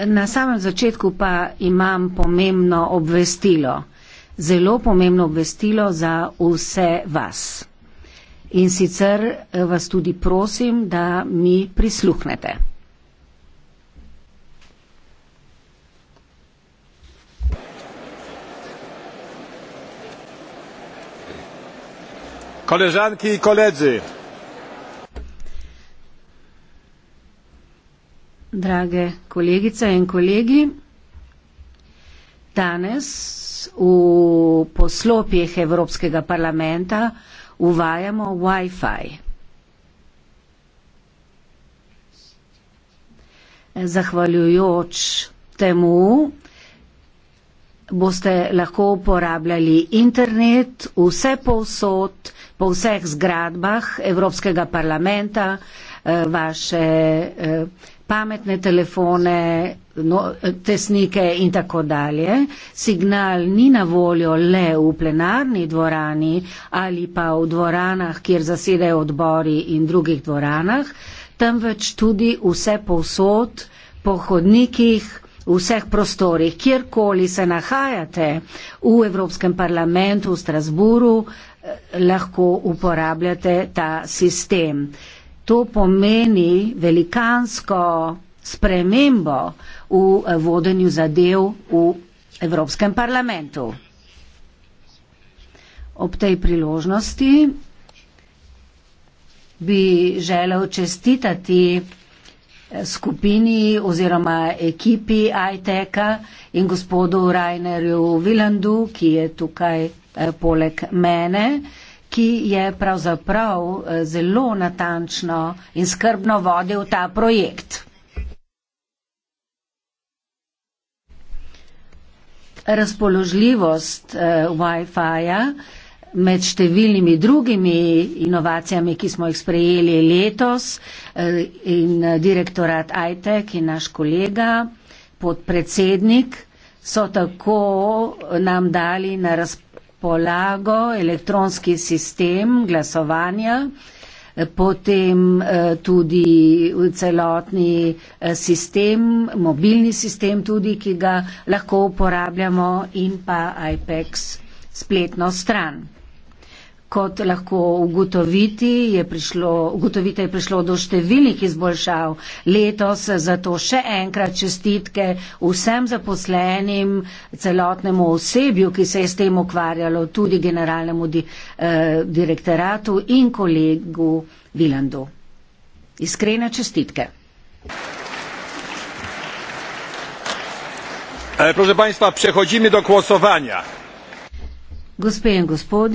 Na samem začetku pa imam pomembno obvestilo, zelo pomembno obvestilo za vse vas. In sicer eh, vas tudi prosim, da mi prisluhnete. Koležanki in koledzi, drage kolegice in kolegi. Danes v poslopjih Evropskega parlamenta uvajamo Wi-Fi. Zahvaljujoč temu boste lahko uporabljali internet vse povsod, po vseh zgradbah Evropskega parlamenta, Eh, vaše eh, pametne telefone, no, eh, tesnike in tako dalje. Signal ni na voljo le v plenarni dvorani ali pa v dvoranah, kjer zasedajo odbori in drugih dvoranah, temveč tudi vse povsod, po hodnikih, v vseh prostorih, kjerkoli se nahajate v Evropskem parlamentu, v Strasburu, lahko uporabljate ta sistem to pomeni velikansko spremembo v eh, vodenju zadev v Evropskem parlamentu. Ob tej priložnosti bi želel čestitati eh, skupini oziroma ekipi ITEK-a in gospodu Rainerju Vilandu, ki je tukaj eh, poleg mene ki je pravzaprav eh, zelo natančno in skrbno vodil ta projekt. Razpoložljivost eh, Wi-Fi-ja med številnimi drugimi inovacijami, ki smo jih sprejeli letos eh, in direktorat ITEC in naš kolega, podpredsednik, so tako nam dali na razpoložljivost razpolago elektronski sistem glasovanja, potem eh, tudi celotni eh, sistem, mobilni sistem tudi, ki ga lahko uporabljamo in pa IPEX spletno stran. Kot lahko ugotoviti, je prišlo, ugotovite, je prišlo do številnih izboljšav letos, zato še enkrat čestitke vsem zaposlenim, celotnemu osebju, ki se je s tem ukvarjalo, tudi generalnemu di, eh, direktoratu in kolegu Vilandu. Iskrene čestitke. E, proste, panjstva,